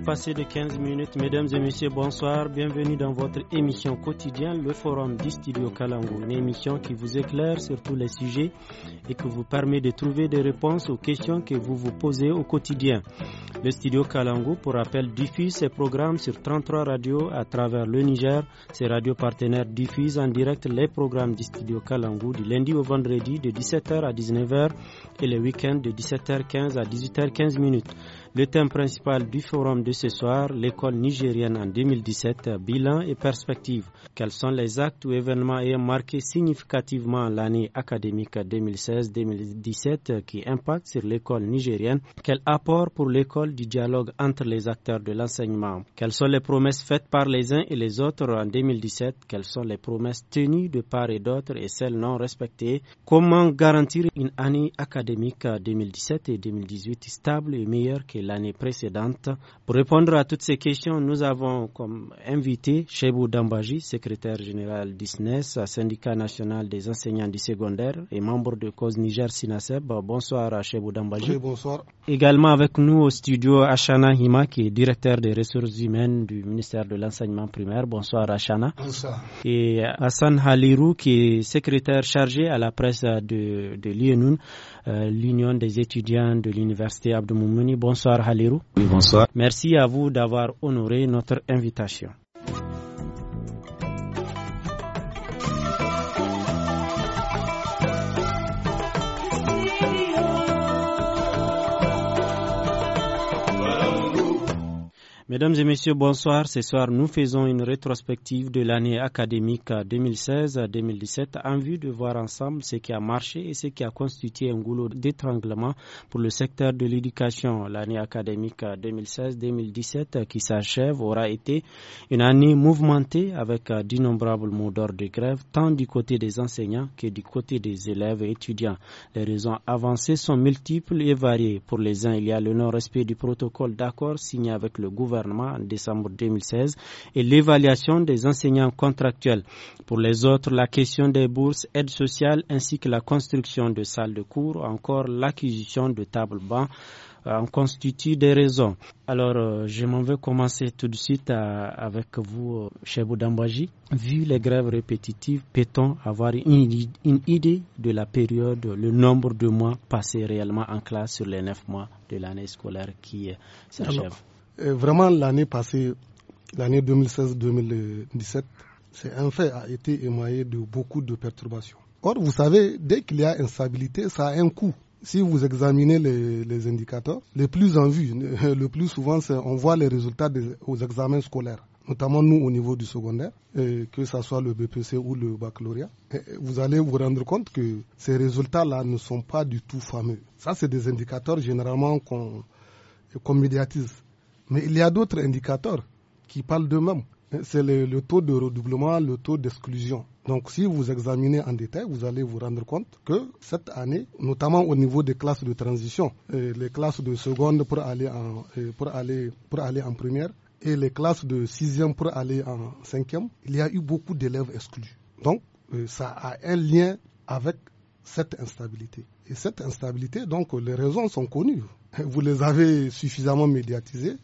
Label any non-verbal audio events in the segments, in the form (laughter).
heures de 15 minutes, mesdames et messieurs, bonsoir. Bienvenue dans votre émission quotidienne, le Forum du Studio Kalango. Une émission qui vous éclaire sur tous les sujets et qui vous permet de trouver des réponses aux questions que vous vous posez au quotidien. Le Studio Kalango, pour rappel, diffuse ses programmes sur 33 radios à travers le Niger. Ses radios partenaires diffusent en direct les programmes du Studio Kalango du lundi au vendredi de 17h à 19h et le week end de 17h15 à 18h15 minutes. Le thème principal du forum de ce soir, l'école nigérienne en 2017, bilan et perspective. Quels sont les actes ou événements ayant marqué significativement l'année académique 2016-2017 qui impactent sur l'école nigérienne Quel apport pour l'école du dialogue entre les acteurs de l'enseignement Quelles sont les promesses faites par les uns et les autres en 2017 Quelles sont les promesses tenues de part et d'autre et celles non respectées Comment garantir une année académique 2017 et 2018 stable et meilleure que l'année précédente. Pour répondre à toutes ces questions, nous avons comme invité Chebou Dambaji, secrétaire général d'ISNES, syndicat national des enseignants du secondaire et membre de cause Niger Sinaseb. Bonsoir à Chebou Dambaji. bonsoir. Également avec nous au studio Ashana Hima, qui est directeur des ressources humaines du ministère de l'enseignement primaire. Bonsoir Ashana. Et Hassan Halirou, qui est secrétaire chargé à la presse de, de euh, l'Union des étudiants de l'université Abdou Moumouni. Bonsoir Merci à vous d'avoir honoré notre invitation. Mesdames et messieurs, bonsoir. Ce soir, nous faisons une rétrospective de l'année académique 2016-2017 en vue de voir ensemble ce qui a marché et ce qui a constitué un goulot d'étranglement pour le secteur de l'éducation. L'année académique 2016-2017 qui s'achève aura été une année mouvementée avec d'innombrables mots d'ordre de grève, tant du côté des enseignants que du côté des élèves et étudiants. Les raisons avancées sont multiples et variées. Pour les uns, il y a le non-respect du protocole d'accord signé avec le gouvernement en décembre 2016 et l'évaluation des enseignants contractuels. Pour les autres, la question des bourses, aides sociales ainsi que la construction de salles de cours, encore l'acquisition de tables bancs en constituent des raisons. Alors, euh, je m'en veux commencer tout de suite euh, avec vous, euh, Chebou Vu les grèves répétitives, peut-on avoir une, une, idée de la période, le nombre de mois passés réellement en classe sur les neuf mois de l'année scolaire qui s'achève vraiment, l'année passée, l'année 2016-2017, c'est un fait, a été émaillé de beaucoup de perturbations. Or, vous savez, dès qu'il y a instabilité, ça a un coût. Si vous examinez les, indicateurs, les plus en vue, (laughs) le plus souvent, on voit les résultats aux examens scolaires notamment nous au niveau du secondaire, que ce soit le BPC ou le baccalauréat, vous allez vous rendre compte que ces résultats-là ne sont pas du tout fameux. Ça, c'est des indicateurs généralement qu'on médiatise. Mais il y a d'autres indicateurs qui parlent d'eux-mêmes. C'est le, taux de redoublement, le taux d'exclusion. Donc si vous examinez en détail, vous allez vous rendre compte que cette année, notamment au niveau des classes de transition, euh, les classes de seconde pour aller en, euh, pour aller, pour aller en première et les classes de sixième pour aller en cinquième, il y a eu beaucoup d'élèves exclus. Donc euh, ça a un lien avec cette instabilité. Et cette instabilité, donc, les raisons sont connues. Vous les avez suffisamment médiatisées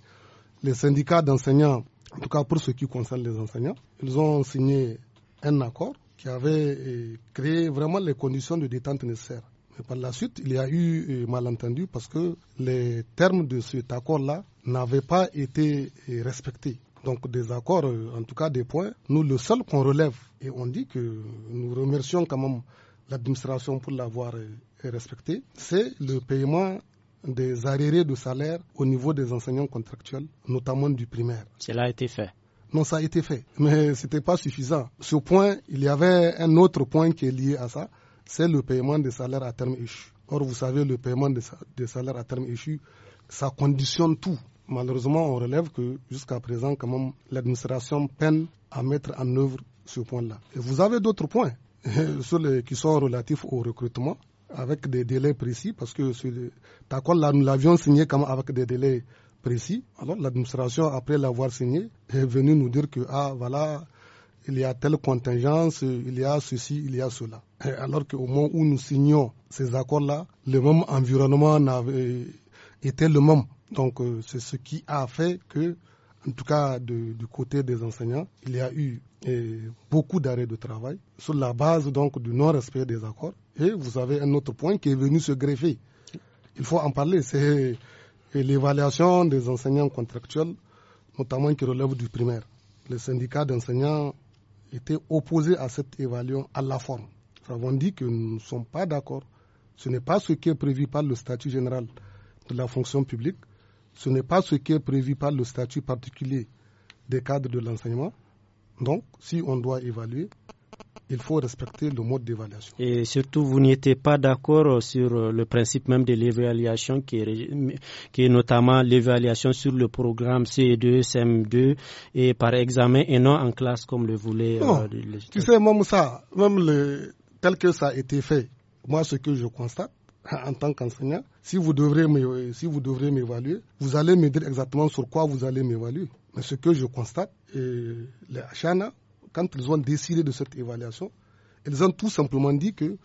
les syndicats d'enseignants, en tout cas pour ce qui concerne les enseignants, ils ont signé un accord qui avait euh, créé vraiment les conditions de détente nécessaires. Mais par la suite, il y a eu euh, malentendu parce que les termes de cet accord-là n'avaient pas été euh, respectés. Donc des accords, en tout cas des points, nous le seul qu'on relève et on dit que nous remercions quand même l'administration pour l'avoir respecté, c'est le paiement des arriérés de salaire au niveau des enseignants contractuels, notamment du primaire. Cela a été fait. Non, ça a été fait, mais ce n'était pas suffisant. Ce point, il y avait un autre point qui est lié à ça, c'est le paiement des salaires à terme échu. Or, vous savez, le paiement des salaires à terme échu, ça conditionne tout. Malheureusement, on relève que jusqu'à présent, quand même, l'administration peine à mettre en œuvre ce point-là. Et vous avez d'autres points (laughs) qui sont relatifs au recrutement avec des délais précis, parce que accord là, nous l'avions signé avec des délais précis. Alors l'administration, après l'avoir signé, est venue nous dire que, ah voilà, il y a telle contingence, il y a ceci, il y a cela. alors qu'au moment où nous signions ces accords-là, le même environnement était le même. Donc euh, c'est ce qui a fait que en tout cas du côté des enseignants, il y a eu eh, beaucoup d'arrêts de travail sur la base donc du non-respect des accords. Et vous avez un autre point qui est venu se greffer. Il faut en parler, c'est eh, l'évaluation des enseignants contractuels, notamment qui relèvent du primaire. Les syndicats d'enseignants étaient opposés à cette évaluation à la forme. Nous avons dit que nous ne sommes pas d'accord. Ce n'est pas ce qui est prévu par le statut général de la fonction publique ce n'est pas ce qui est prévu par le statut particulier des cadres de l'enseignement. Donc, si on doit évaluer, il faut respecter le mode d'évaluation. Et surtout, vous n'étiez pas d'accord sur le principe même de l'évaluation, qui est, notamment l'évaluation sur le programme CE2, CM2, et par examen et non en classe comme le voulait. Non. Euh, tu sais, même ça, même tel que ça a été fait, moi, ce que je constate, en tant qu'enseignant, si vous devrez si vous devrez m'évaluer, vous allez me dire exactement sur quoi vous allez m'évaluer. Mais ce que je constate, et les Hachana, quand ils ont décidé de cette évaluation, ils ont tout simplement dit que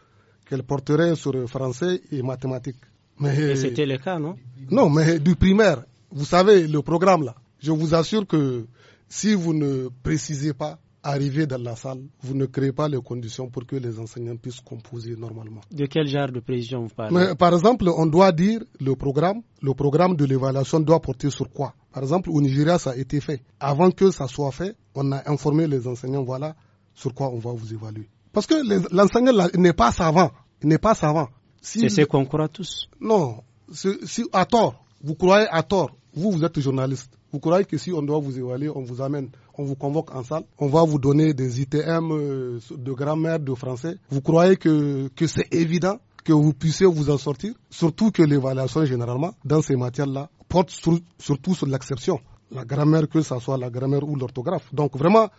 qu'elle porterait sur français et mathématiques. Mais c'était le cas, non Non, mais du primaire. Vous savez, le programme là, je vous assure que si vous ne précisez pas Arrivé dans la salle, vous ne créez pas les conditions pour que les enseignants puissent composer normalement. De quel genre de précision vous parlez Par exemple, on doit dire le programme, le programme de l'évaluation doit porter sur quoi Par exemple, au Nigeria, ça a été fait. Avant que ça soit fait, on a informé les enseignants, voilà sur quoi on va vous évaluer. Parce que l'enseignant n'est pas savant. n'est pas savant. c'est ce qu'on croit tous. Non. Si, à tort, vous croyez à tort, vous, vous êtes journaliste. Vous croyez que si on doit vous évaluer, on vous amène, on vous convoque en salle, on va vous donner des ITM euh, de grammaire, de français. Vous croyez que, que c'est évident que vous puissiez vous en sortir, surtout que l'évaluation généralement dans ces matières-là porte surtout sur l'exception, la grammaire que ce soit la grammaire ou l'orthographe. Donc vraiment,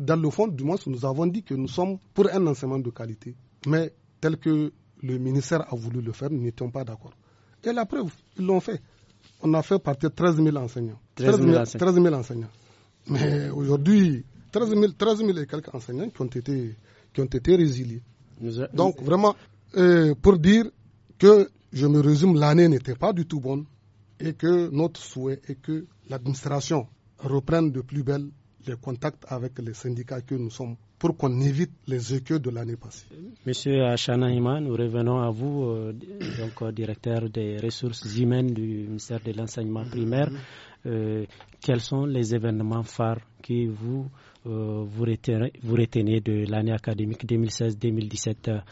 dans le fond, du moins, nous avons dit que nous sommes pour un enseignement de qualité, mais tel que le ministère a voulu le faire, nous n'étions pas d'accord. Et la preuve, ils l'ont fait on a fait partir 13 000 enseignants. 13 000, enseignants. Mais aujourd'hui, 13 000, et quelques enseignants qui ont été, qui ont été résiliés. Donc vraiment, euh, pour dire que, je me résume, l'année n'était pas du tout bonne et que notre souhait est que l'administration reprenne de plus belle les contacts avec les syndicats que nous sommes pour qu'on évite les écueils de l'année passée. Monsieur Achana nous revenons à vous, euh, donc euh, directeur des ressources humaines du ministère de l'enseignement primaire. Mm-hmm. Euh, quels sont les événements phares que vous vous, retenez, de l'année académique 2016-2017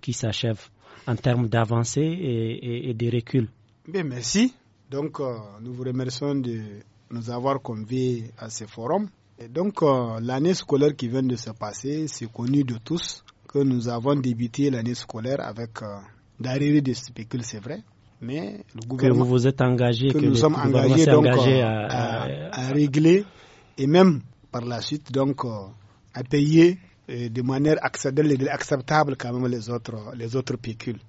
qui s'achève en termes d'avancée et, de recul merci. Donc, nous vous remercions de nous avoir conviés à ce forum donc, euh, l'année scolaire qui vient de se passer, c'est connu de tous que nous avons débuté l'année scolaire avec euh, des de spécules, c'est vrai. Mais le gouvernement. Que vous vous êtes engagé, que, nous sommes engagés, euh, à, régler et même par la suite, donc, euh, à payer de manière acceptable quand même les autres, les autres pécules.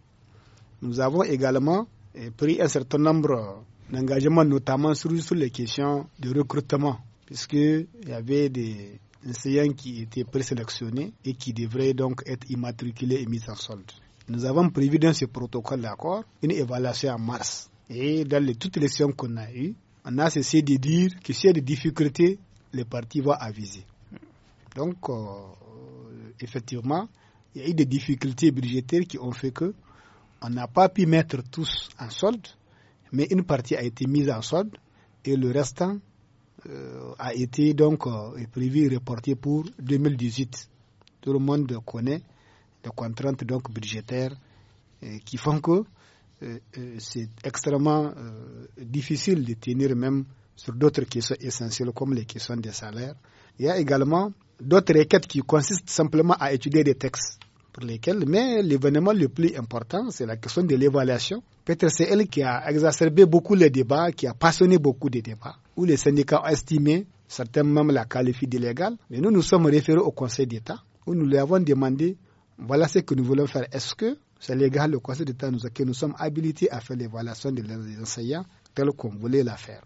Nous avons également pris un certain nombre d'engagements, notamment sur, sur les questions de recrutement puisqu'il y avait des enseignants qui étaient présélectionnés et qui devraient donc être immatriculés et mis en solde. Nous avons prévu dans ce protocole d'accord une évaluation en mars. Et dans toutes les sessions qu'on a eues, on a cessé de dire que s'il y a des difficultés, les partis vont aviser. Donc, euh, effectivement, il y a eu des difficultés budgétaires qui ont fait que on n'a pas pu mettre tous en solde, mais une partie a été mise en solde et le restant euh, a été donc euh, prévu et reporté pour 2018. Tout le monde connaît les contraintes donc budgétaires euh, qui font que c'est extrêmement difficile de tenir même sur d'autres questions essentielles comme les questions des salaires. Il y a également d'autres requêtes qui consistent simplement à étudier des textes pour lesquels, mais l'événement le plus important, c'est la question de l'évaluation. Peut-être c'est elle qui a exacerbé beaucoup les débats, qui a passionné beaucoup de débats, où les syndicats ont estimé, certains même la qualifient d'illégale, mais nous nous sommes référés au Conseil d'État, où nous lui avons demandé, voilà ce que nous voulons faire, est-ce que c'est légal, le Conseil d'État nous a que nous sommes habilités à faire l'évaluation des enseignants tel qu'on voulait la faire.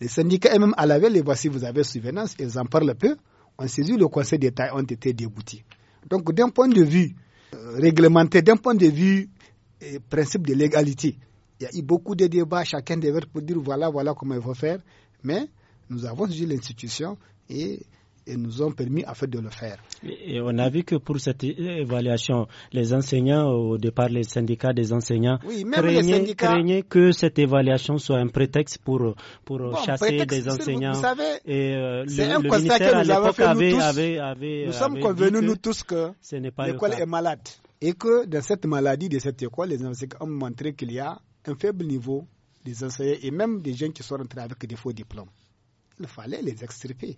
Les syndicats eux-mêmes à la veille, les voici, vous avez souvenance, ils en parlent peu, ont saisi le Conseil d'État et ont été déboutés. Donc d'un point de vue euh, réglementé, d'un point de vue euh, principe de l'égalité. Il y a eu beaucoup de débats, chacun devait pour dire voilà, voilà comment il faut faire, mais nous avons suivi l'institution et et nous ont permis à de le faire. Et on a vu que pour cette évaluation, les enseignants, au départ les syndicats des enseignants, craignaient, que cette évaluation soit un prétexte pour, pour chasser des enseignants. Vous, savez, et euh, un constat que nous avons fait nous tous. nous sommes convenus nous tous que l'école est malade et que dans cette maladie de cette école, les enseignants ont montré qu'il y a un faible niveau des enseignants et même des gens qui sont rentrés avec des faux diplômes. Il fallait les extirper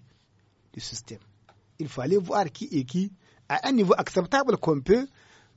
du système. Il fallait voir qui est qui, à un niveau acceptable qu'on peut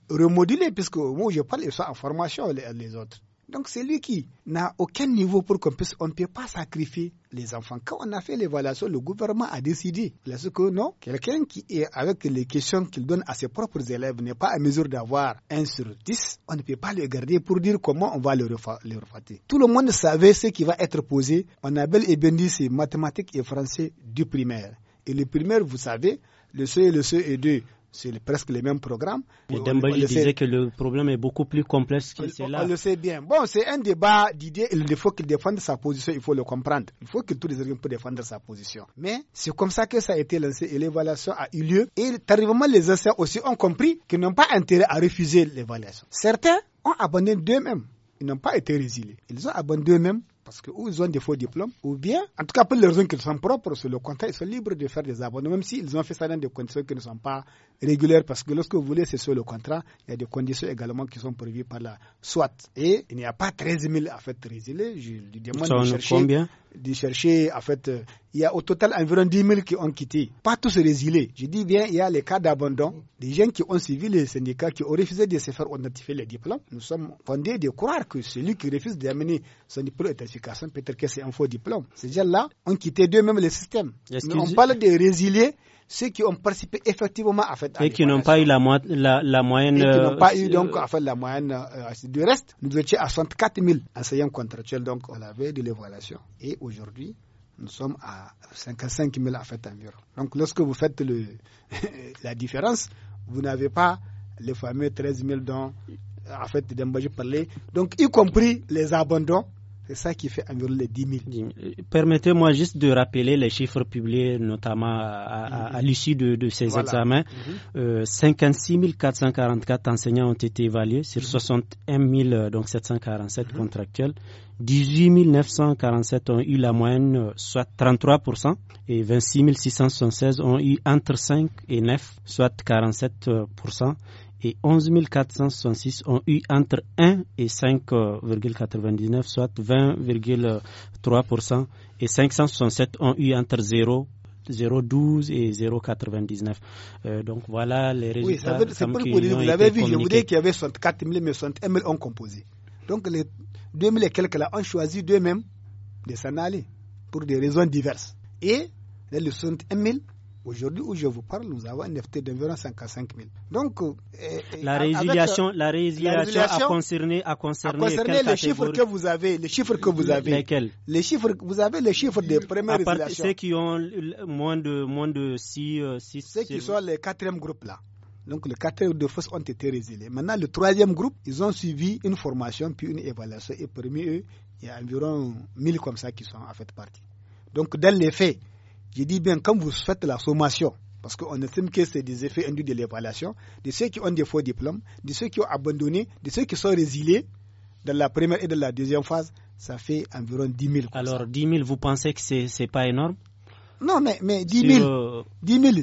remoduler, puisque moi je parle, ils en formation les, autres. Donc c'est lui qui n'a aucun niveau pour qu'on puisse, on ne peut pas sacrifier les enfants. Quand on a fait l'évaluation, le gouvernement a décidé. Parce que non, quelqu'un qui est avec les questions qu'il donne à ses propres élèves n'est pas à mesure d'avoir un sur dix, on ne peut pas le garder pour dire comment on va le, le refater. Tout le monde savait ce qui va être posé. On a bel et bien dit c'est mathématiques et français du primaire. Et le primaire, vous savez, le CE, le CE2, c'est presque les mêmes programmes. Le disait que le problème est beaucoup plus complexe que cela. On, le sait bien. Bon, c'est un débat d'idées. Il faut qu'il défende sa position, il faut le comprendre. Il faut que tous les arguments puissent défendre sa position. Mais c'est comme ça que ça a été lancé et l'évaluation a eu lieu. Et tardivement, les anciens aussi ont compris qu'ils n'ont pas intérêt à refuser l'évaluation. Certains ont abandonné d'eux-mêmes. Ils n'ont pas été résiliés. Ils ont abandonné d'eux-mêmes parce que ou ils ont des faux diplômes, ou bien, en tout cas pour les raisons qu'ils sont propres sur le contrat, ils sont libres de faire des abonnements, même s'ils ont fait ça dans des conditions qui ne sont pas régulières, parce que lorsque vous voulez, c'est sur le contrat, il y a des conditions également qui sont prévues par la SWAT. Et il n'y a pas 13 000 à faire résilier, je lui demande de chercher de chercher, en fait, euh, il y a au total environ 10 000 qui ont quitté. Pas tous résilés. Je dis bien, il y a les cas d'abandon, des gens qui ont suivi les syndicats, qui ont refusé de se faire notifier les diplômes. Nous sommes fondés de croire que celui qui refuse d'amener son diplôme efficace, peut-être que c'est un faux diplôme. Ces gens-là ont quitté d'eux-mêmes le système. on parle de résiliés ceux qui ont participé effectivement à fait. et qui n'ont pas eu la, moyenne. Et qui n'ont pas eu euh, donc à la moyenne. Euh, du reste, nous étions à 64 000 enseignants contractuels donc on avait de l'évaluation. Et aujourd'hui, nous sommes à 55 000 à fait environ. Donc lorsque vous faites le, (laughs) la différence, vous n'avez pas les fameux 13 000 dont en fait parlait. Donc y compris les abandons c'est ça qui fait environ les 10 000. Euh, permettez-moi juste de rappeler les chiffres publiés, notamment à, mm-hmm. l'issue de, ces examens. 56 mm-hmm. 444 euh, enseignants ont été évalués sur 61 mm-hmm. euh, donc 747 contractuels. 18 947 ont eu la moyenne, soit 33 et 26 676 ont eu entre 5 et 9, soit 47 et 11 466 ont eu entre 1 et 5,99, euh, soit 20,3%, et 567 ont eu entre 0 0,12 et 0,99. Euh, donc voilà les résultats. Oui, c'est pour vous dire, vous avez vu, je vous dis qu'il y avait 64 000, mais 61 000 ont composé. Donc les 2 000 et quelques là ont choisi d'eux-mêmes de s'en aller pour des raisons diverses. Et les 61 000, Aujourd'hui où je vous parle, nous avons un FT d'environ 55 000. Donc, euh, la, résiliation, euh, la, résiliation, a concerné, a concerné, les chiffres que vous avez, les chiffres que vous avez. Lesquels Les chiffres, vous avez les chiffres des premières résiliations. Ceux qui ont moins de moins de 6 euh, Ceux qui sont les quatrième groupes là. Donc les quatre de force ont été résiliés. Maintenant, le troisième groupe, ils ont suivi une formation puis une évaluation. Et parmi eux, il y a environ 1000 comme ça qui sont en fait partis. Donc dans les faits, je dis bien, quand vous faites la sommation, parce qu'on estime que c'est des effets induits de l'évaluation, de ceux qui ont des faux diplômes, de ceux qui ont abandonné, de ceux qui sont résiliés dans la première et dans la deuxième phase, ça fait environ 10 000. Alors, dix 10 000, vous pensez que ce n'est pas énorme Non, mais, mais 10, 000, euh,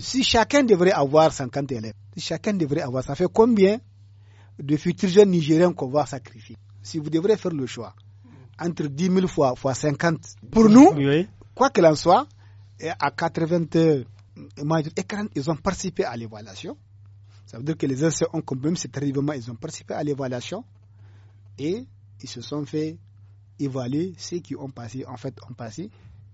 si chacun devrait avoir 50 élèves, si chacun devrait avoir, ça fait combien de futurs jeunes Nigériens qu'on va sacrifier Si vous devrez faire le choix entre 10 000 fois, fois 50, pour nous, quoi qu'il en soit, et à 80 ils ont participé à l'évaluation. Ça veut dire que les essais ont même, cet arrivement, ils ont participé à l'évaluation et ils se sont fait évaluer ceux qui ont passé, en fait, ont passé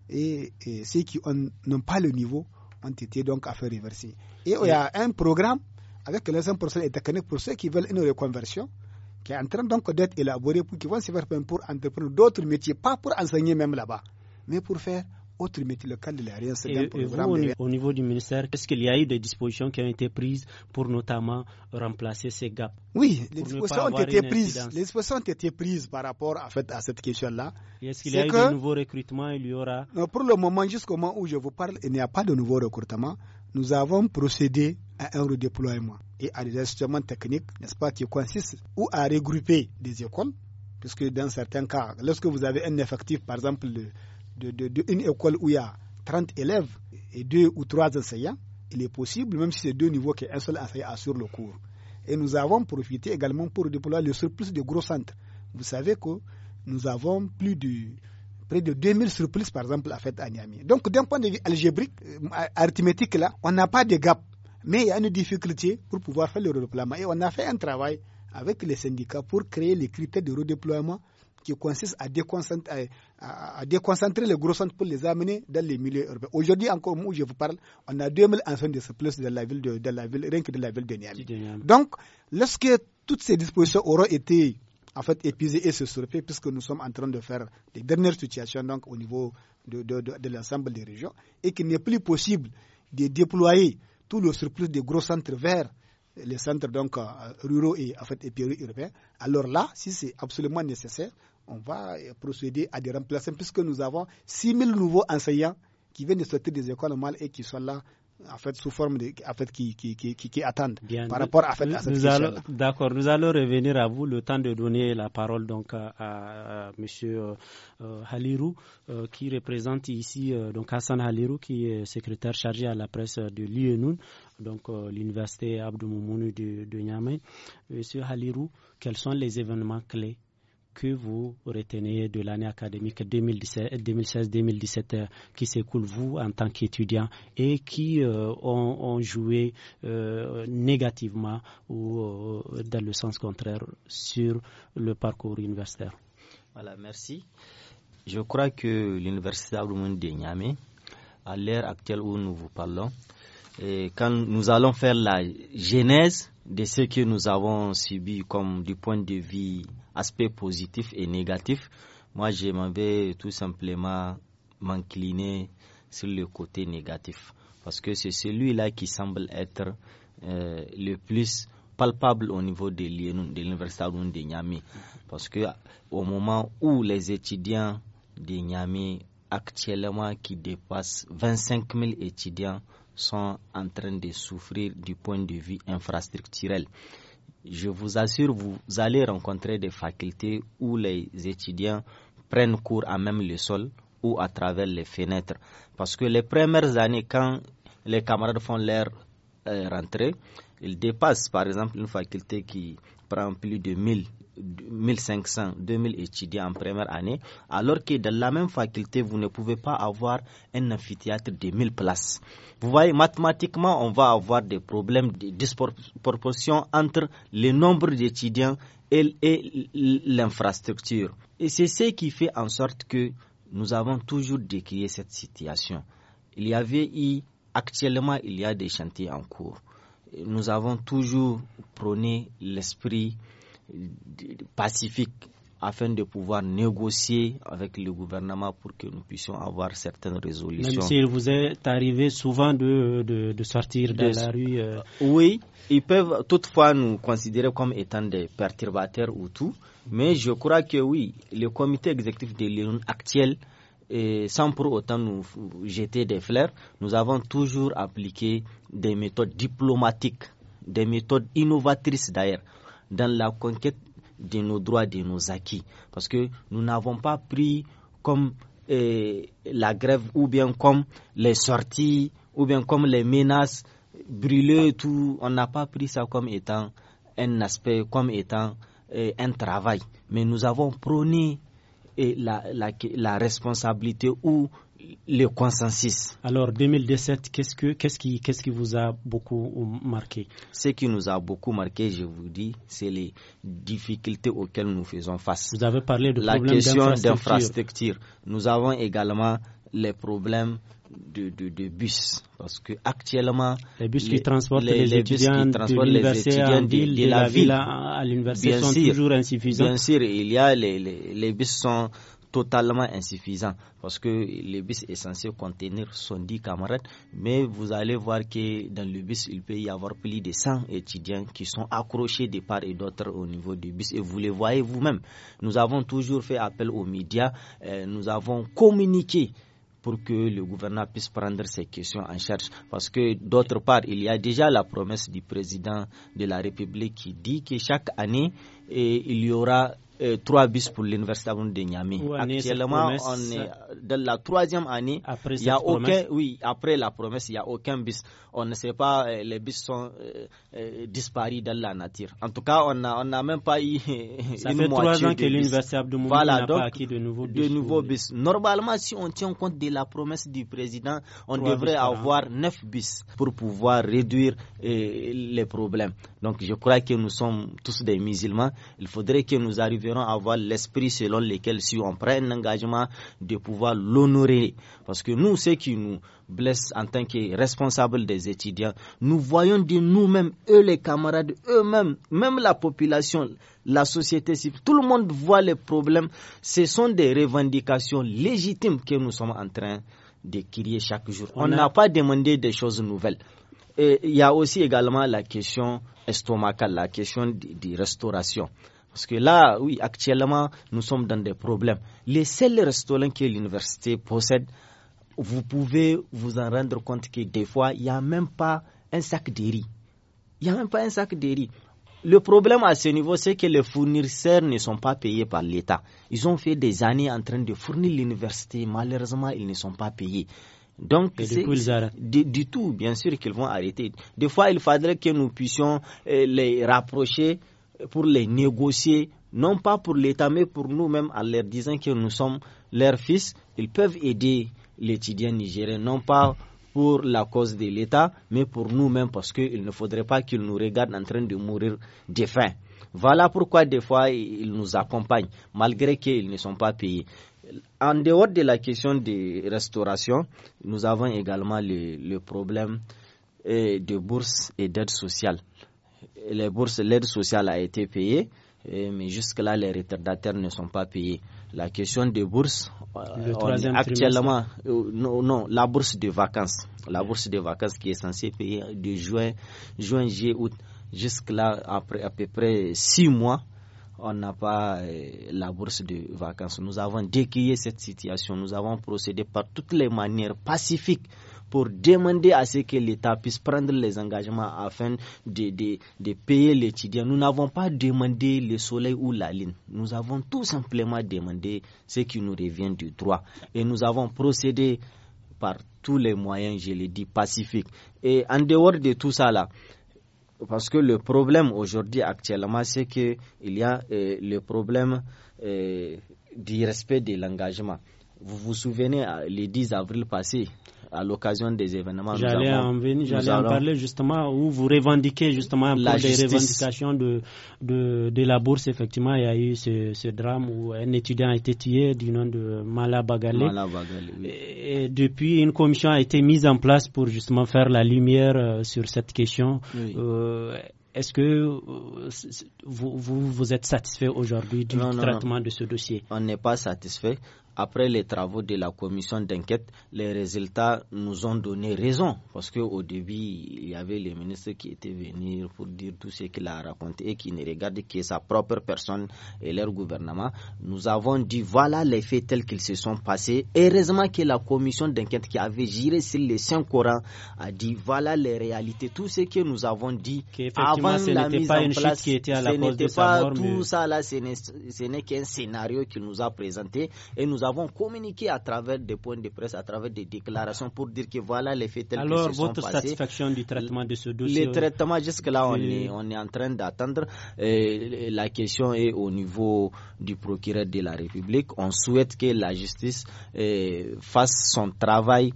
et, ceux qui n'ont pas le niveau ont été donc à faire reverser. Et il y a un programme avec les 100% et techniques pour ceux qui veulent une reconversion qui est en train donc d'être élaboré pour qu'ils vont se faire pour entreprendre d'autres métiers, pas pour enseigner même là-bas, mais pour faire de et, au niveau du ministère, est-ce qu'il y a eu des dispositions qui ont été prises pour notamment remplacer ces gaps Oui, les dispositions ont été prises. Les dispositions ont été prises par rapport à, fait, à cette question-là. Est-ce qu'il y a eu de nouveaux recrutements Il y aura Pour le moment, jusqu'au moment où je vous parle, il n'y a pas de nouveaux recrutements. Nous avons procédé à un redéploiement et à des ajustements techniques, n'est-ce pas, qui consistent ou à regrouper des écoles, puisque dans certains cas, lorsque vous avez un effectif, par exemple, de de, une école où il y a 30 élèves et deux ou trois enseignants, il est possible, même si c'est deux niveaux, qu'un seul enseignant assure le cours. Et nous avons profité également pour déployer le surplus de gros centres. Vous savez que nous avons plus de près de 2000 surplus, par exemple, à Fête à Niamey. Donc, d'un point de vue algébrique, euh, arithmétique, là, on n'a pas de gap. Mais il y a une difficulté pour pouvoir faire le redéploiement. Et on a fait un travail avec les syndicats pour créer les critères de redéploiement qui consiste à déconcentrer, les gros centres pour les amener dans les milieux urbains. Aujourd'hui, encore où je vous parle, on a 2000 enfants de surplus dans la ville rien que de la ville de Niamey. Donc, lorsque toutes ces dispositions auront été en fait épuisées et se surpris, puisque nous sommes en train de faire les dernières situations au niveau de, de l'ensemble des régions, et qu'il n'est plus possible de déployer tout le surplus des gros centres verts les centres donc euh, ruraux et en fait et périurbains. Alors là, si c'est absolument nécessaire, on va euh, procéder à des remplacements puisque nous avons 6000 nouveaux enseignants qui viennent de sortir des écoles normales et qui sont là en fait sous forme qui attendent par rapport à, cette allons, D'accord, nous allons revenir à vous le temps de donner la parole donc à, M. Monsieur euh, euh, Halirou euh, qui représente ici donc Hassan Halirou qui est secrétaire chargé à la presse de l'UNUN donc l'université Abdou Moumouni de, de Niamey. Monsieur Halirou, quels sont les événements clés que vous retenez de l'année académique 2016-2017 euh, qui s'écoule, vous, en tant qu'étudiant, et qui euh, ont, joué euh, négativement ou dans le sens contraire sur le parcours universitaire Voilà, merci. Je crois que l'université de Niamey, à l'ère actuelle où nous vous parlons, quand nous allons faire la genèse de ce que nous avons subi comme du point de vue aspect positif et négatif, moi je m'en vais tout simplement m'incliner sur le côté négatif. Parce que c'est celui-là qui semble être euh, le plus palpable au niveau de e l'université de Niamey. Parce que au moment où les étudiants de Niamey actuellement qui dépassent 25 000 étudiants sont en train de souffrir du point de vue infrastructurel. Je vous assure, vous allez rencontrer des facultés où les étudiants prennent cours à même le sol ou à travers les fenêtres. Parce que les premières années, quand les camarades font leur euh, rentrée, ils dépassent par exemple une faculté qui prend plus de 1000 1500, 2000 étudiants en première année, alors que dans la même faculté, vous ne pouvez pas avoir un amphithéâtre de 1000 places. Vous voyez, mathématiquement, on va avoir des problèmes de disproportion entre le nombre d'étudiants et, l'infrastructure. Et c'est ce qui fait en sorte que nous avons toujours décrié cette situation. Il y avait actuellement, il y a des chantiers en cours. Nous avons toujours prôné l'esprit pacifique afin de pouvoir négocier avec le gouvernement pour que nous puissions avoir certaines résolutions. Même s'il vous est arrivé souvent de, de, sortir de, la rue. Euh. Euh, oui, ils peuvent toutefois nous considérer comme étant des perturbateurs ou tout, mais je crois que oui, le comité exécutif de l'Union actuel, sans pour autant nous jeter des fleurs, nous avons toujours appliqué des méthodes diplomatiques, des méthodes innovatrices d'ailleurs dans la conquête de nos droits, de nos acquis. Parce que nous n'avons pas pris comme eh, la grève ou bien comme les sorties ou bien comme les menaces, brûlées. tout. On n'a pas pris ça comme étant un aspect, comme étant eh, un travail. Mais nous avons prôné et eh, la, la, la, responsabilité ou le consensus. Alors 2017, qu'est-ce que qu'est-ce qui qu'est-ce qui vous a beaucoup marqué Ce qui nous a beaucoup marqué, je vous dis, c'est les difficultés auxquelles nous faisons face. Vous avez parlé de la question d'infrastructure. Nous avons également les problèmes de, bus. Parce que actuellement, les bus qui transportent les, étudiants, de les étudiants la ville, à l'université sont toujours insuffisants. Bien sûr, il y a les, bus sont totalement insuffisant parce que le bus est censé contenir 110 camarades, mais vous allez voir que dans le bus, il peut y avoir plus de 100 étudiants qui sont accrochés de part et d'autre au niveau du bus et vous les voyez vous-même. Nous avons toujours fait appel aux médias, euh, nous avons communiqué pour que le gouvernement puisse prendre ces questions en charge. Parce que d'autre part, il y a déjà la promesse du président de la République qui dit que chaque année, eh, il y aura euh, trois bis pour l'université de Niamey. Actuellement, on est dans la troisième année. Après y a aucun, oui, après la promesse, il n'y a aucun bis. On ne sait pas, euh, les bis sont euh, disparus dans la nature. En tout cas, on n'a même pas eu (laughs) Ça une fait trois ans que l'université Abdou n'a pas acquis de nouveaux bis. De nouveaux Normalement, si on tient compte de la promesse du président, on devrait avoir neuf bis pour pouvoir réduire les problèmes. Donc, je crois que nous sommes tous des musulmans. Il faudrait que nous arrivions devons avoir l'esprit selon lequel, si on prend un engagement, de pouvoir l'honorer. Parce que nous, ceux qui nous blessent en tant que responsables des étudiants, nous voyons de nous-mêmes, eux les camarades, eux-mêmes, même la population, la société civile, tout le monde voit les problèmes. Ce sont des revendications légitimes que nous sommes en train de crier chaque jour. On n'a pas demandé des choses nouvelles. il y a aussi également la question estomacale, la question de restauration. Parce que là, oui, actuellement, nous sommes dans des problèmes. Les seuls restaurants que l'université possède, vous pouvez vous en rendre compte que des fois, il n'y a même pas un sac de riz. Il n'y a même pas un sac de riz. Le problème à ce niveau, c'est que les fournisseurs ne sont pas payés par l'État. Ils ont fait des années en train de fournir l'université. Malheureusement, ils ne sont pas payés. Donc, du, du, tout, bien sûr qu'ils vont arrêter. Des fois, il faudrait que nous puissions euh, les rapprocher pour les négocier, non pas pour l'État, mais pour nous-mêmes, en leur disant que nous sommes leurs fils. Ils peuvent aider l'étudiant nigérien, non pas pour la cause de l'État, mais pour nous-mêmes, parce qu'il ne faudrait pas qu'ils nous regardent en train de mourir de faim. Voilà pourquoi des fois ils nous accompagnent, malgré qu'ils ne sont pas payés. En dehors de la question de restauration, nous avons également le, le problème eh, de bourse et d'aide sociale les bourses, l'aide sociale a été payée, mais jusque-là, les retardataires ne sont pas payés. La question des bourses, euh, actuellement, euh, non, la bourse de vacances, la bourse de vacances qui est censée payer de juin, juin, juillet, août, jusque-là, après à peu près six mois, on n'a pas euh, la bourse de vacances. Nous avons décrié cette situation, nous avons procédé par toutes les manières pacifiques pour demander à ce que l'État puisse prendre les engagements afin de, de, de payer l'étudiant. Nous n'avons pas demandé le soleil ou la lune. Nous avons tout simplement demandé ce qui nous revient du droit. Et nous avons procédé par tous les moyens, je l'ai dit, pacifiques. Et en dehors de tout ça, parce que le problème aujourd'hui actuellement, c'est qu'il y a euh, le problème euh, du respect de l'engagement. Vous vous souvenez, euh, le 10 avril passé, à l'occasion des événements. J'allais en venir, j'allais en parler justement où vous revendiquez justement pour des revendications de, de, la bourse. Effectivement, il y a eu ce, drame où un étudiant a été tué du nom de Mala Malabagale et, depuis, une commission a été mise en place pour justement faire la lumière euh, sur cette question. Euh, est-ce que euh, vous, vous, êtes satisfait aujourd'hui du traitement de ce dossier On n'est pas satisfait après les travaux de la commission d'enquête, les résultats nous ont donné raison. Parce qu'au début, il y avait les ministres qui étaient venus pour dire tout ce qu'il a raconté et qui ne regardaient que sa propre personne et leur gouvernement. Nous avons dit voilà les faits tels qu'ils se sont passés. Heureusement que la commission d'enquête qui avait géré sur les cinq Coran a dit voilà les réalités. Tout ce que nous avons dit avant ce la mise pas en place, qui était à la ce n'était pas tout ça là, ce n'est qu'un scénario qu'il nous a présenté et nous avons communiqué à travers des points de presse, à travers des déclarations pour dire que voilà les faits tels Alors, votre satisfaction du traitement de ce dossier Le euh, traitement, jusque-là, on est, en train d'attendre. La question est au niveau du procureur de la République. On souhaite que la justice euh, fasse son travail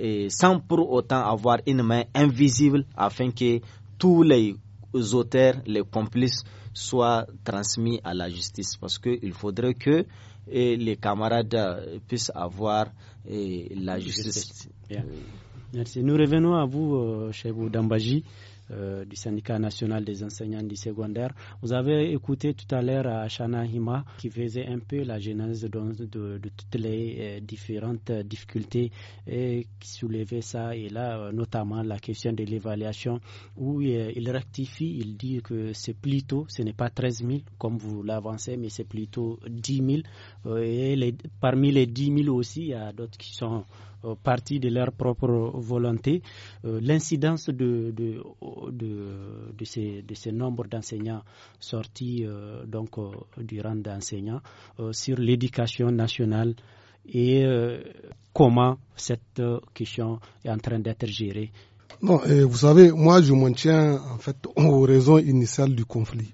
euh, sans pour autant avoir une main invisible afin que tous les auteurs, les complices soient transmis à la justice. Parce qu'il faudrait que et les camarades euh, puissent avoir euh, la justice. Merci. Nous revenons à vous, euh, Chebou Dambaji. du syndicat national des enseignants du secondaire. Vous avez écouté tout à l'heure Ashana Hima qui faisait un peu la genèse de, toutes les différentes difficultés et qui soulevait ça et là notamment la question de l'évaluation où il rectifie, il dit que c'est plutôt, ce n'est pas 13 000 comme vous l'avancez mais c'est plutôt 10 000 et parmi les 10 000 aussi, il y a d'autres qui sont euh, partis de leur propre volonté. Euh, l'incidence de, de, de, ces, de ces nombres d'enseignants sortis euh, donc, du rang d'enseignants sur l'éducation nationale et comment cette question est en train d'être gérée. Non, vous savez, moi je m'en tiens en fait aux raisons initiales du conflit.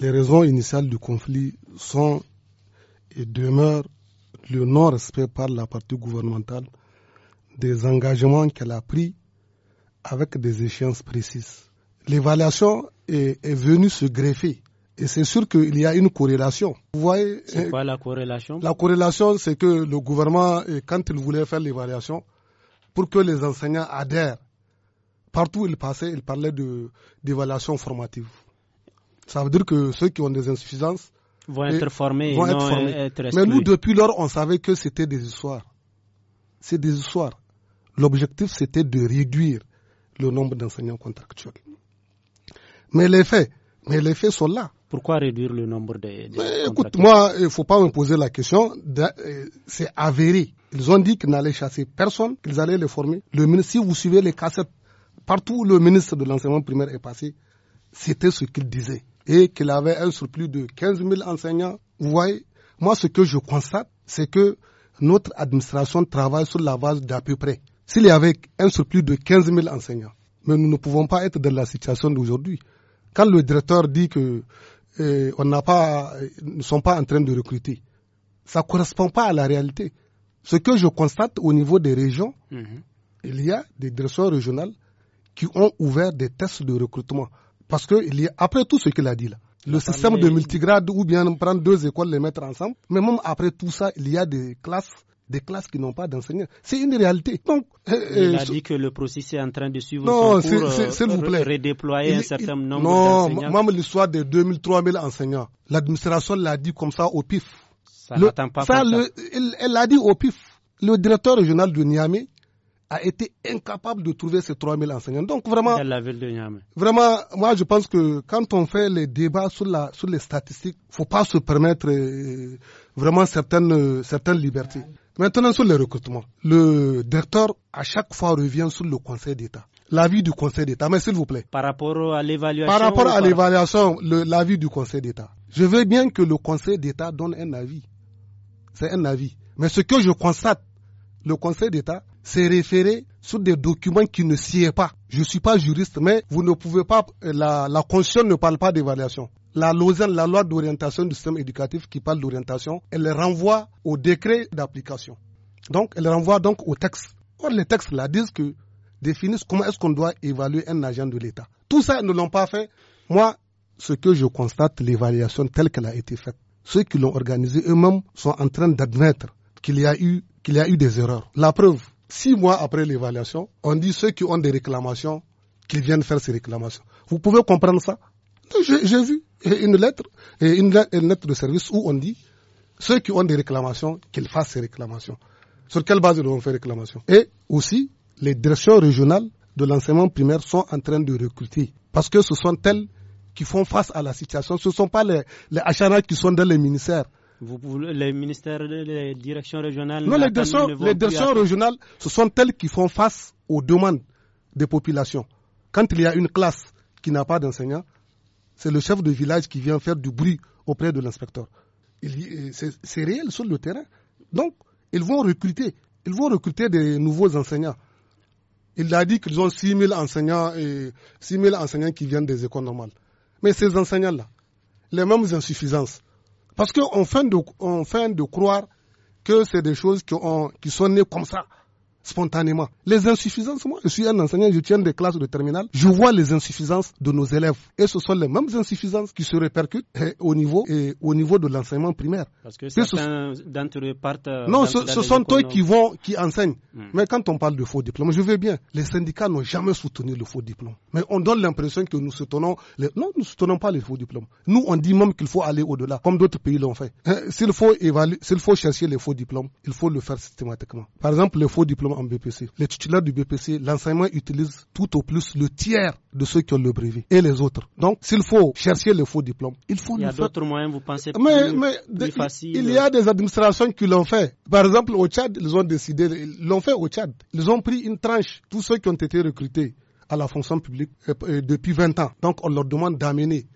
Les raisons initiales du conflit sont et demeure le non-respect par la partie gouvernementale des engagements qu'elle a pris avec des échéances précises. L'évaluation est, venue se greffer. Et c'est sûr qu'il y a une corrélation. Vous voyez C'est euh, quoi la corrélation La corrélation, c'est que le gouvernement, euh, quand il voulait faire l'évaluation, pour que les enseignants adhèrent, partout où il passait, il parlait d'évaluation formative. Ça veut dire que ceux qui ont des insuffisances, vont être formés. Mais nous, depuis lors, on savait que c'était des histoires. C'est des histoires. L'objectif, c'était de réduire le nombre d'enseignants contractuels. Mais les faits, mais les faits sont là. Pourquoi réduire le nombre des, contractuels Écoute, moi, il ne faut pas me poser la question. Euh, c'est avéré. Ils ont dit qu'ils n'allaient chasser personne, qu'ils allaient les former. Le ministre, si vous suivez les cassettes, partout où le ministre de l'enseignement primaire est passé, c'était ce qu'il disait et qu'il avait un surplus de 15 000 enseignants. Vous voyez, moi ce que je constate, c'est que notre administration travaille sur la base d'à peu près. S'il y avait un surplus de 15 000 enseignants, mais nous ne pouvons pas être dans la situation d'aujourd'hui. Quand le directeur dit que eh, on n'a pas, eh, ne sont pas en train de recruter, ça ne correspond pas à la réalité. Ce que je constate au niveau des régions, mhm. il y a des directeurs régionales qui ont ouvert des tests de recrutement parce que il y a, après tout ce qu'il a dit là, le système de multigrade ou bien prendre deux écoles, les mettre ensemble. Mais même après tout ça, il y a des classes des classes qui n'ont pas d'enseignants. C'est une réalité. Donc, euh, il a euh, dit que le processus est en train de suivre non, s'il euh, vous plaît. redéployer un certain nombre d'enseignants. Non, même l'histoire des 2000, 3000 enseignants, l'administration l'a dit comme ça au pif. Ça n'attend pas ça, elle l'a dit au pif. Le directeur régional de Niamey a été incapable de trouver ces 3000 enseignants. Donc vraiment, la ville de vraiment, moi je pense que quand on fait les débats sur la sur les statistiques, faut pas se permettre euh, vraiment certaines certaines libertés. Maintenant sur les recrutements, le directeur à chaque fois revient sur le Conseil d'État. L'avis du Conseil d'État, mais s'il vous plaît. Par rapport à l'évaluation. Par rapport à l'évaluation, l'avis du Conseil d'État. Je veux bien que le Conseil d'État donne un avis. C'est un avis. Mais ce que je constate, le Conseil d'État se référer sur des documents qui ne sied pas. Je ne suis pas juriste, mais vous ne pouvez pas, euh, la, la conscience ne parle pas d'évaluation. La Lausanne, la loi d'orientation du système éducatif qui parle d'orientation, elle renvoie au décret d'application. Donc, elle renvoie donc au texte. Or, les textes là disent que définissent comment est-ce qu'on doit évaluer un agent de l'État. Tout ça, ils ne l'ont pas fait. Moi, ce que je constate, l'évaluation telle qu'elle a été faite, ceux qui l'ont organisée eux-mêmes sont en train d'admettre qu'il y a eu qu'il y a eu des erreurs. La preuve, six mois après l'évaluation, on dit ceux qui ont des réclamations, qu'ils viennent faire ces réclamations. Vous pouvez comprendre ça J'ai vu une lettre, une lettre de service où on dit ceux qui ont des réclamations, qu'ils fassent ces réclamations. Sur quelle base ils vont faire réclamation Et aussi, les directions régionales de l'enseignement primaire sont en train de recruter. Parce que ce sont elles qui font face à la situation. Ce ne sont pas les, les qui sont dans les ministères les ministères, les directions régionales. Non, les directions, régionales, ce sont elles qui font face aux demandes des populations. Quand il y a une classe qui n'a pas d'enseignant, c'est le chef de village qui vient faire du bruit auprès de l'inspecteur. Euh, c'est réel sur le terrain. Donc, ils vont recruter. Ils vont recruter des nouveaux enseignants. Il a dit qu'ils ont 6000 enseignants, et 6 enseignants qui viennent des écoles normales. Mais ces enseignants-là, les mêmes insuffisances, parce qu'on fin de, de croire que c'est des choses qui, ont, qui sont nées comme ça spontanément. Les insuffisances, moi, je suis un enseignant, je tiens des classes de terminale, je vois les insuffisances de nos élèves. Et ce sont les mêmes insuffisances qui se répercutent eh, au niveau, et au niveau de l'enseignement primaire. Parce que certains d'entre eux partent... Euh, non, ce, sont eux qui vont, qui enseignent. Hmm. Mais quand on parle de faux diplômes, je veux bien, les syndicats n'ont jamais soutenu le faux diplôme. Mais on donne l'impression que nous soutenons... Non, nous ne soutenons pas les faux diplômes. Nous, on dit même qu'il faut aller au-delà, comme d'autres pays l'ont fait. Hein, s'il faut évaluer, s'il faut chercher les faux diplômes, il faut le faire systématiquement. Par exemple, les faux diplômes en BPC. Les titulaires du BPC, l'enseignement utilise tout au plus le tiers de ceux qui ont le brevet et les autres. Donc, s'il faut chercher le faux diplôme, il faut. Il y a d'autres moyens, vous pensez plus, facile. Il y a des administrations qui l'ont fait. Par exemple, au Tchad, ils ont décidé, ils l'ont fait au Tchad. Ils ont pris une tranche, tous ceux qui ont été recrutés à la fonction publique euh, euh, depuis 20 ans. Donc, on leur demande d'amener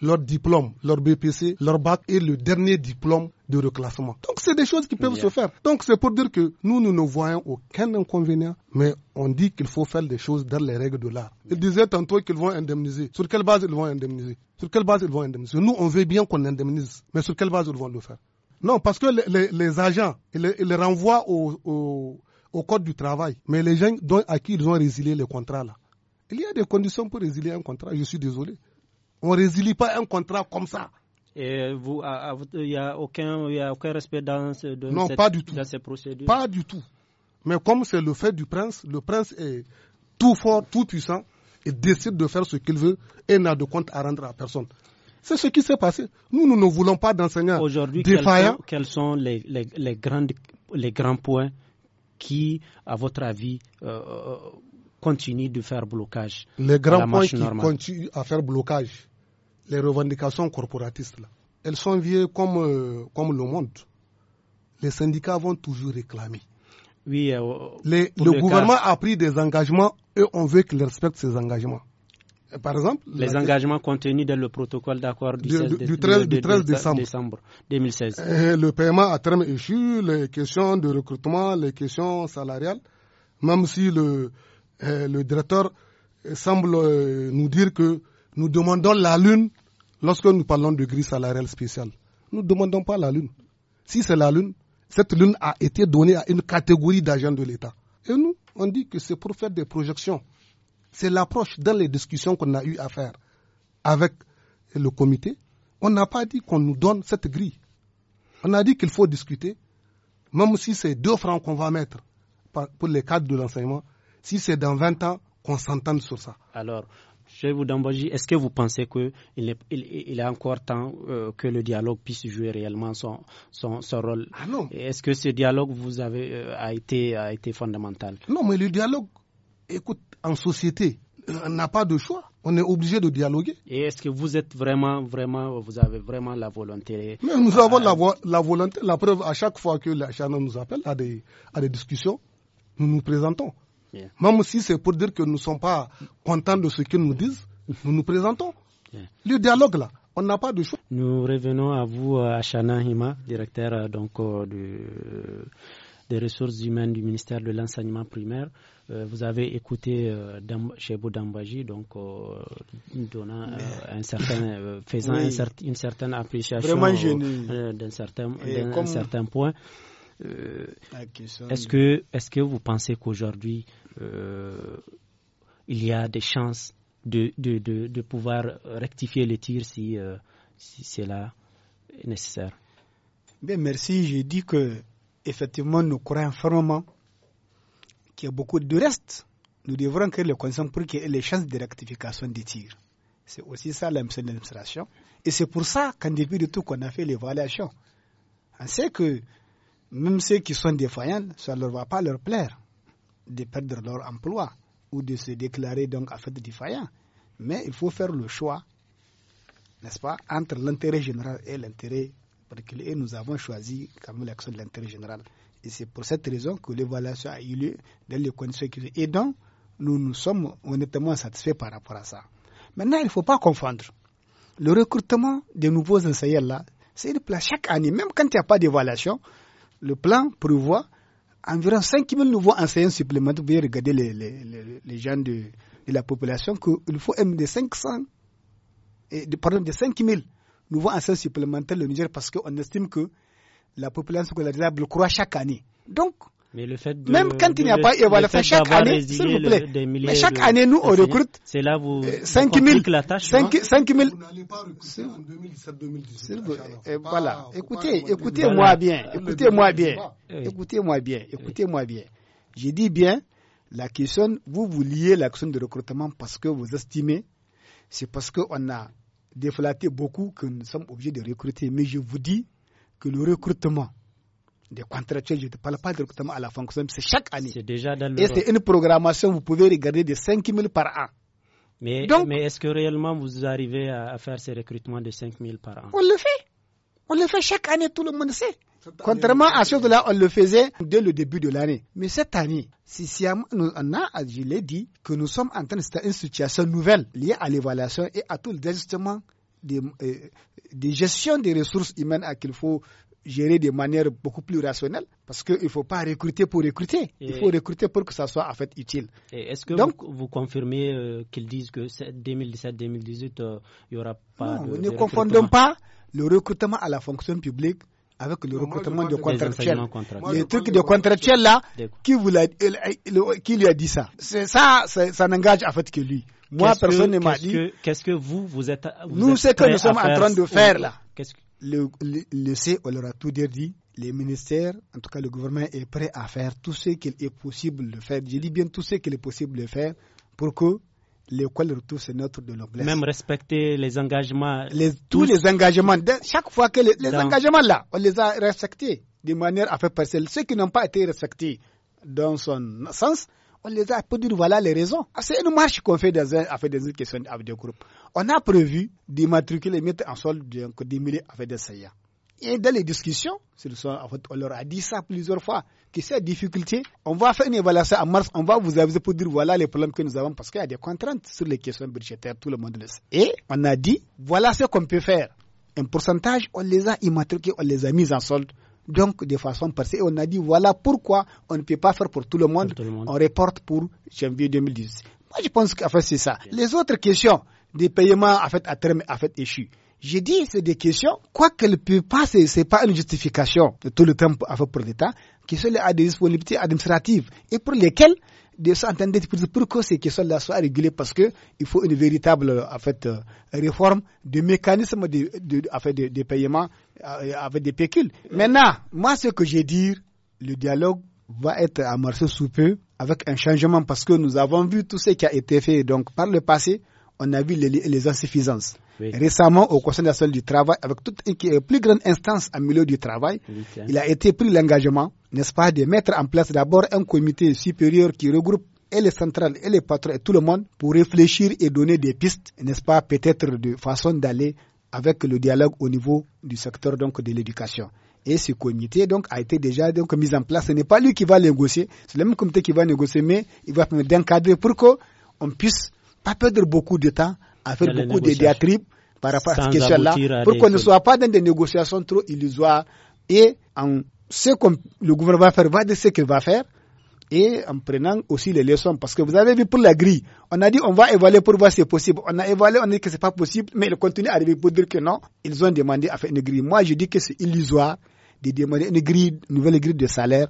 leur diplôme, leur BPC, leur bac et le dernier diplôme de reclassement. Donc c'est des choses qui peuvent se faire. Donc c'est pour dire que nous, nous ne voyons aucun inconvénient, mais on dit qu'il faut faire des choses dans les règles de l'art. Ils disaient tantôt qu'ils vont indemniser. Sur quelle base ils vont indemniser Sur quelle base ils vont indemniser Nous, on veut bien qu'on indemnise, mais sur quelle base ils vont le faire Non, parce que les, agents, ils les, renvoient au, au, au, code du travail, mais les gens dont, à qui ils ont résilié les contrats là. Il y a des conditions pour résilier un contrat, je suis désolé. On ne résilie pas un contrat comme ça. Et vous, il n'y a, aucun, aucun respect dans, ces procédures non, pas du tout. ces Pas du tout. Mais comme c'est le fait du prince, le prince est tout fort, tout puissant, et décide de faire ce qu'il veut et n'a de compte à rendre à personne. C'est ce qui s'est passé. Nous, nous ne voulons pas d'enseignants défaillants. Quels, sont les, grands points qui, à votre avis, euh, euh, continuent de faire blocage Les grands points qui continuent à faire blocage, les revendications corporatistes, là, elles sont vieilles comme, euh, comme le monde. Les syndicats vont toujours réclamer. Oui, euh, le, gouvernement a pris des engagements et on veut qu'il respecte ces engagements. par exemple, les engagements contenus dans le protocole d'accord du, 13, 13 décembre. 2016. le paiement a terme échu, les questions de recrutement, les questions salariales, même si le, euh, le directeur semble nous dire que nous demandons la lune lorsque nous parlons de grille salariale spéciale. Nous ne demandons pas la lune. Si c'est la lune, cette lune a été donnée à une catégorie d'agents de l'État. Et nous, on dit que c'est pour faire des projections. C'est l'approche dans les discussions qu'on a eu à faire avec le comité. On n'a pas dit qu'on nous donne cette grille. On a dit qu'il faut discuter, même si c'est deux francs qu'on va mettre pour les cadres de l'enseignement, si c'est dans 20 ans qu'on s'entende sur ça. Alors, vous Dambaji, est-ce que vous pensez qu'il il, est encore temps euh, que le dialogue puisse jouer réellement son, son, son rôle ah, Est-ce que ce dialogue vous avez, euh, a, été, a été fondamental Non, mais le dialogue, écoute, en société, on euh, n'a pas de choix. On est obligé de dialoguer. Et est-ce que vous êtes vraiment, vraiment, vous avez vraiment la volonté mais Nous avons ah, la, la, volonté, la preuve, à chaque fois que la Chana nous appelle à des, à des discussions, nous nous présentons. Même si c'est pour dire que nous ne sommes pas contents de ce qu'ils nous disent, nous nous présentons. Le dialogue là, on n'a pas de choix. Nous revenons à vous, euh, Ashana Hima, directeur euh, donc, euh, des ressources humaines du ministère de l'enseignement primaire. vous avez écouté chez Chebo Dambaji, donc donnant un certain, faisant une certaine appréciation d'un certain, certain, point. Est-ce que, est -ce que vous pensez qu'aujourd'hui euh, il y a des chances de, de, pouvoir rectifier les tirs si, euh, si cela est nécessaire. Bien, merci. J'ai dit que effectivement, nous croyons fermement qu'il y a beaucoup de reste. Nous devrons créer le conditions pour qu'il y ait les chances de rectification des tirs. C'est aussi ça l'administration. Et c'est pour ça qu'en début de tout, qu'on a fait l'évaluation. On sait que même ceux qui sont défaillants, ça ne leur va pas leur plaire de perdre leur emploi ou de se déclarer donc à fait défaillant. Mais il faut faire le choix, n'est-ce pas, entre l'intérêt général et l'intérêt particulier. Et nous avons choisi quand même l'action de l'intérêt général. Et c'est pour cette raison que l'évaluation a eu lieu dans les conditions qui Et donc, nous nous sommes honnêtement satisfaits par rapport à ça. Maintenant, il ne faut pas confondre. Le recrutement des nouveaux enseignants là, c'est le plan chaque année. Même quand il n'y a pas d'évaluation, le plan prévoit environ 5 000 nouveaux enseignants supplémentaires. Vous pouvez regarder les, gens de, la population qu'il faut même de 500, et de, pardon, de 5 nouveaux enseignants supplémentaires le Niger parce qu'on estime que la population scolarisable croît chaque année. Donc, même quand il n'y a pas évaluation, chaque année, s'il vous plaît, mais chaque année, nous, on recrute c'est là euh, hein. vous, 5 000, pas recruter en 2017 voilà. Écoutez, écoutez-moi bien, écoutez-moi bien, écoutez-moi bien, écoutez-moi bien. J'ai dit bien, la question, vous, vous liez question de recrutement parce que vous estimez, c'est parce qu'on a déflaté beaucoup que nous sommes obligés de recruter. Mais je vous dis que le recrutement, des contractuels, je ne parle pas directement à la fonction, c'est chaque année. C'est déjà dans le Et c'est une programmation, vous pouvez regarder de 5 000 par an. Mais, mais est-ce que réellement vous arrivez à, faire ces recrutements de 5 000 par an On le fait. On le fait chaque année, tout le monde sait. Contrairement à ce que là on le faisait dès le début de l'année. Mais cette année, si, si on a, je l'ai dit, que nous sommes en train de une situation nouvelle liée à l'évaluation et à tout le désistement euh, des, gestions des ressources humaines à qu'il faut gérer de manière beaucoup plus rationnelle parce qu'il ne faut pas recruter pour recruter. il faut recruter pour que ça soit en fait utile. Est-ce que Donc, vous, confirmez euh, qu'ils disent que 2017-2018, il euh, y n'y aura pas non, de, Ne confondons pas le recrutement à la fonction publique avec le recrutement de contractuels. Le truc de contractuel là, qui, vous qui lui a dit ça Ça, ça n'engage en fait que lui. Moi, personne ne m'a dit. Qu'est-ce que vous, vous êtes. nous, c'est ce que nous sommes en train de faire quest là. que le, C, on leur a tout dit, les ministères, en tout cas le gouvernement est prêt à faire tout ce qu'il est possible de faire. Je dis bien tout ce qu'il est possible de faire pour que l'école retourne ses notre de noblesse. Même respecter les engagements. tous, les engagements. chaque fois que les, engagements là, on les a respectés de manière à faire passer ceux qui n'ont pas été respectés dans son sens on les a pour dire voilà les raisons. Ah, c'est une marche qu'on fait dans un, avec des questions avec des groupes. On a prévu d'immatriculer, mettre en solde des milliers avec des Et dans les discussions, on leur a dit ça plusieurs fois, que ces difficulté. on va faire une évaluation en mars, on va vous aviser pour dire voilà les problèmes que nous avons, parce qu'il y a des contraintes sur les questions budgétaires, tout le monde le sait. Et on a dit, voilà ce qu'on peut faire. Un pourcentage, on les a immatriculés, on les a mis en solde donc de façon passée On a dit voilà pourquoi on ne peut pas faire pour tout le monde. On reporte pour janvier 2018 Moi, je pense qu'en fait, c'est ça. Les autres questions des paiements en fait, à terme, en fait, échus. J'ai dit, c'est des questions, quoi qu'elles puissent passer, pas, ce n'est pas une justification de tout le temps fait pour l'État, qui a des disponibilités administratives et pour lesquelles des centaines pour que ces questions-là soient régulées parce que il faut une véritable en fait, euh, réforme du mécanisme de, fait, paiement euh, avec des pécules. Maintenant, moi, ce que j'ai dire, le dialogue va être amorcé sous peu avec un changement parce que nous avons vu tout ce qui a été fait donc par le passé, on a vu les insuffisances. Récemment, au Conseil national du travail, avec toute une euh, plus grande instance en milieu du travail, il a été pris l'engagement, n'est-ce pas, de mettre en place d'abord un comité supérieur qui regroupe et les centrales et les patrons et tout le monde pour réfléchir et donner des pistes, n'est-ce pas, peut-être de façon d'aller avec le dialogue au niveau du secteur donc de l'éducation. Et ce comité donc a été déjà donc mis en place. Ce n'est pas lui qui va négocier, c'est le même comité qui va négocier, mais il va permettre d'encadrer pour qu'on puisse pas perdre beaucoup de temps à faire beaucoup de diatribes par rapport à ces questions-là, pour qu'on ne soit pas dans des négociations trop illusoires et en ce que le gouvernement va faire va de ce qu'il va faire et en prenant aussi les leçons. Parce que vous avez vu pour la grille, on a dit on va évaluer pour voir si c'est possible. On a évalué, on a dit que c'est pas possible, mais ils continuent à arriver pour dire que non. Ils ont demandé à faire une grille. Moi, je dis que c'est illusoire de demander une grille, une nouvelle grille de salaire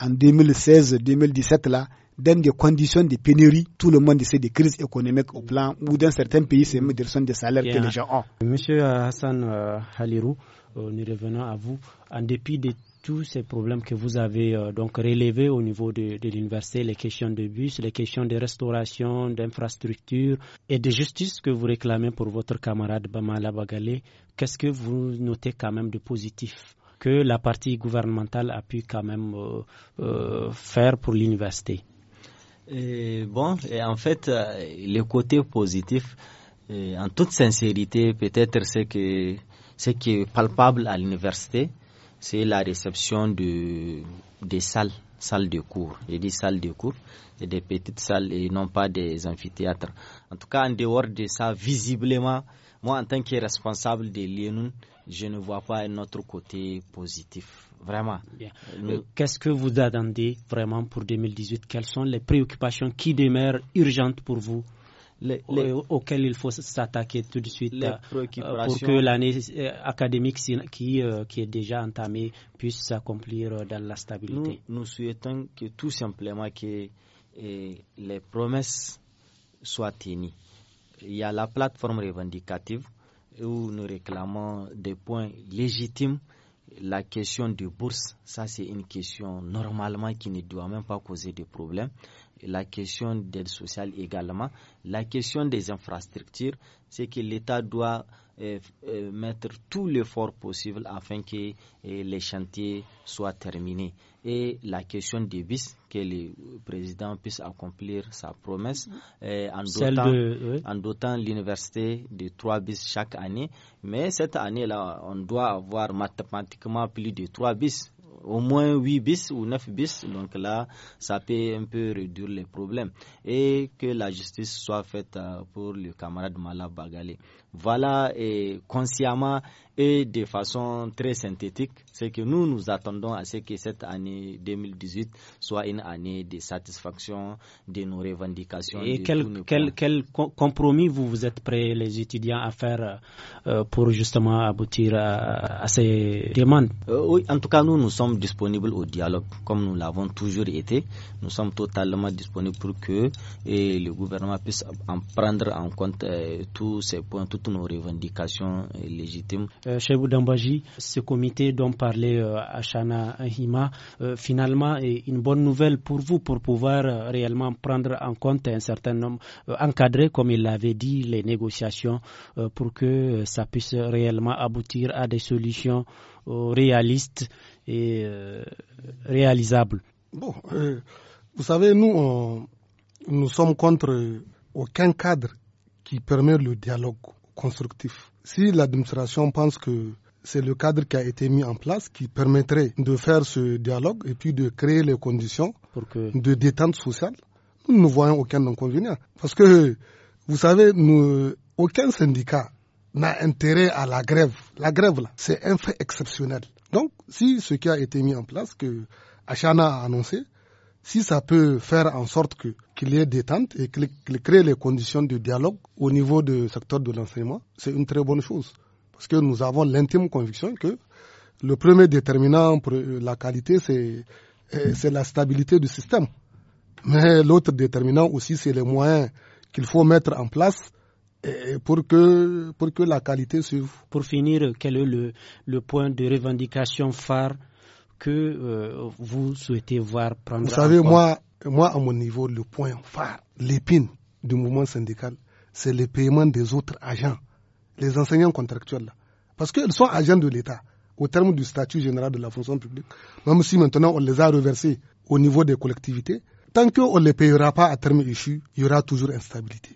en 2016-2017 là dans des conditions de pénurie. Tout le monde sait des crises économiques au plan ou dans certains pays, c'est même des de salaire que les gens ont. Monsieur euh, Hassan euh, Halirou, euh, nous revenons à vous. En dépit de tous ces problèmes que vous avez donc relevés au niveau de, l'université, les questions de bus, les questions de restauration, d'infrastructure et de justice que vous réclamez pour votre camarade Bamala Bagalé, qu'est-ce que vous notez quand même de positif que la partie gouvernementale a pu quand même faire pour l'université bon, en fait, euh, le côté positif, euh, en toute sincérité, peut-être c'est que ce qui est palpable à l'université, c'est la réception de, des salles, salles de cours. et des salles de cours, et des petites salles et non pas des amphithéâtres. En tout cas, en dehors de ça, visiblement, moi, en tant que responsable de l'IENUN, je ne vois pas un autre côté positif vraiment. Euh, euh, qu'est-ce que vous attendez vraiment pour 2018 Quelles sont les préoccupations qui demeurent urgentes pour vous euh, auxquelles il faut s'attaquer tout de suite pour que l'année académique qui, est déjà entamée puisse s'accomplir dans la stabilité. Nous, souhaitons que tout simplement que les promesses soient tenues. Il y a la plateforme revendicative où nous réclamons des points légitimes la question des bourse, ça c'est une question normalement qui ne doit même pas causer de problème. La question d'aide sociale également. La question des infrastructures, c'est que l'État doit mettre tout l'effort possible afin que les chantiers soient terminés. Et la question des bis, que le président puisse accomplir sa promesse en dotant, dotant l'université de trois bis chaque année. Mais cette année-là, on doit avoir mathématiquement plus de trois bis au moins 8 bis ou 9 bis. Donc là, ça peut un peu réduire les problèmes. Et que la justice soit faite euh, pour le camarade Malabagali Voilà, et consciemment et de façon très synthétique, c'est que nous nous attendons à ce que cette année 2018 soit une année de satisfaction de nos revendications. Et quel, compromis vous vous êtes prêts, les étudiants, à faire euh, pour justement aboutir à, ces demandes euh, Oui, en tout cas, nous, nous sommes disponibles au dialogue, comme nous l'avons toujours été. Nous sommes totalement disponibles pour que et eh, le gouvernement puisse en prendre en compte eh, tous ces points, toutes nos revendications eh, légitimes. Euh, Chez Boudambaji, ce comité dont parlait euh, Ashana Hima, euh, finalement, est une bonne nouvelle pour vous pour pouvoir réellement prendre en compte un certain nombre, encadrer, comme il l'avait dit, les négociations pour que ça puisse réellement aboutir à des solutions réaliste et euh, réalisable Bon, euh, vous savez, nous, nous sommes contre aucun cadre qui permet le dialogue constructif. Si l'administration pense que c'est le cadre qui a été mis en place qui permettrait de faire ce dialogue et puis de créer les conditions de détente sociale. Nous ne voyons aucun inconvénient. Parce que, vous savez, nous, aucun syndicat n'a intérêt à la grève. La grève, là, c'est un fait exceptionnel. Donc, si ce qui a été mis en place, que Achana a annoncé, si ça peut faire en sorte que qu'il y ait détente et qu'il crée les conditions de dialogue au niveau du secteur de l'enseignement, c'est une très bonne chose. Parce que nous avons l'intime conviction que le premier déterminant pour euh, la qualité, euh, c'est la stabilité du système. Mais l'autre déterminant aussi, c'est les moyens qu'il faut mettre en place pour que, pour que la qualité suive. Pour finir, quel est le, le point de revendication phare que euh, vous souhaitez voir prendre Vous savez, moi, moi, à mon niveau, le point phare, l'épine du mouvement syndical, c'est le paiement des autres agents, les enseignants contractuels. Parce qu'ils sont agents de l'État au terme du statut général de la fonction publique, même si maintenant on les a reversés au niveau des collectivités, tant qu'on ne les payera pas à terme issu, il y aura toujours instabilité.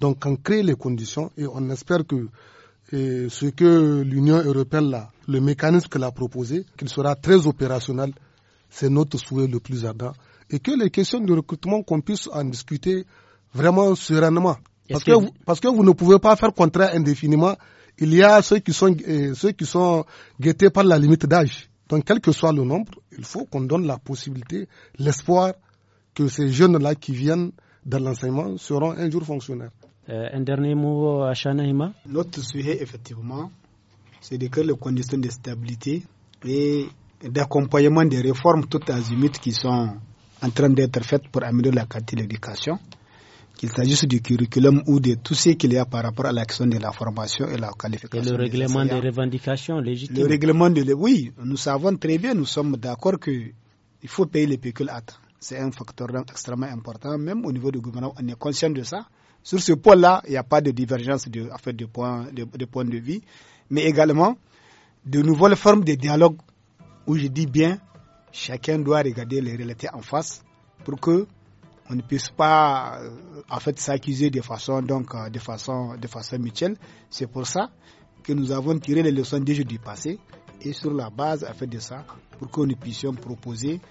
Donc on crée les conditions et on espère que ce que l'Union européenne, là, le mécanisme qu'elle a proposé, qu'il sera très opérationnel, c'est notre souhait le plus ardent. Et que les questions de recrutement, qu'on puisse en discuter vraiment sereinement. Parce que, vous, ne pouvez pas faire contraire indéfiniment. Il y a ceux qui sont, ceux qui sont guettés par la limite d'âge. Donc, quel que soit le nombre, il faut qu'on donne la possibilité, l'espoir que ces jeunes-là qui viennent dans l'enseignement seront un jour fonctionnaires. Euh, un dernier mot euh, à Hima Notre sujet, effectivement, c'est de créer les conditions de stabilité et d'accompagnement des réformes toutes azimuts qui sont en train d'être faites pour améliorer la qualité de l'éducation, qu'il s'agisse du curriculum ou de tout ce qu'il y a par rapport à l'action de la formation et la qualification. Et le règlement des, revendications légitimes. Le règlement de. Oui, nous savons très bien, nous sommes d'accord qu'il faut payer les pécules C'est un facteur extrêmement important. Même au niveau du gouvernement, on est conscient de ça. Sur ce point-là, il n'y a pas de divergence de, de points de, de, point de vue, mais également de nouvelles formes de dialogue où je dis bien, chacun doit regarder les réalités en face pour que on ne puisse pas euh, en fait s'accuser de façon donc euh, de façon de façon mutuelle. C'est pour ça que nous avons tiré les leçons des du passé et sur la base à fait de ça pour que nous puissions proposer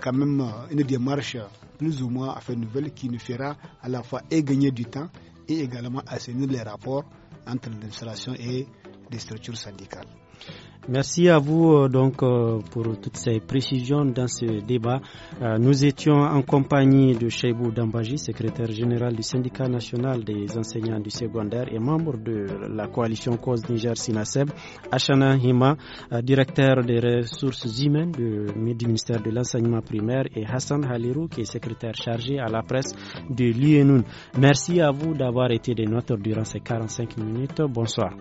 quand même euh, une démarche plus ou moins à faire nouvelle qui nous fera à la fois et gagner du temps et également assainir les rapports entre l'administration et les structures syndicales. Merci à vous euh, donc euh, pour toutes ces précisions dans ce débat. Euh, nous étions en compagnie de Cheibou Dambaji, secrétaire général du syndicat national des enseignants du secondaire et membre de la coalition Cause Niger Sinaseb, Ashana Hima, directeur des ressources humaines du ministère de l'enseignement primaire et Hassan Halirou qui est secrétaire chargé à la presse de l'UNUN. Merci à vous d'avoir été des nôtres durant ces 45 minutes. Bonsoir.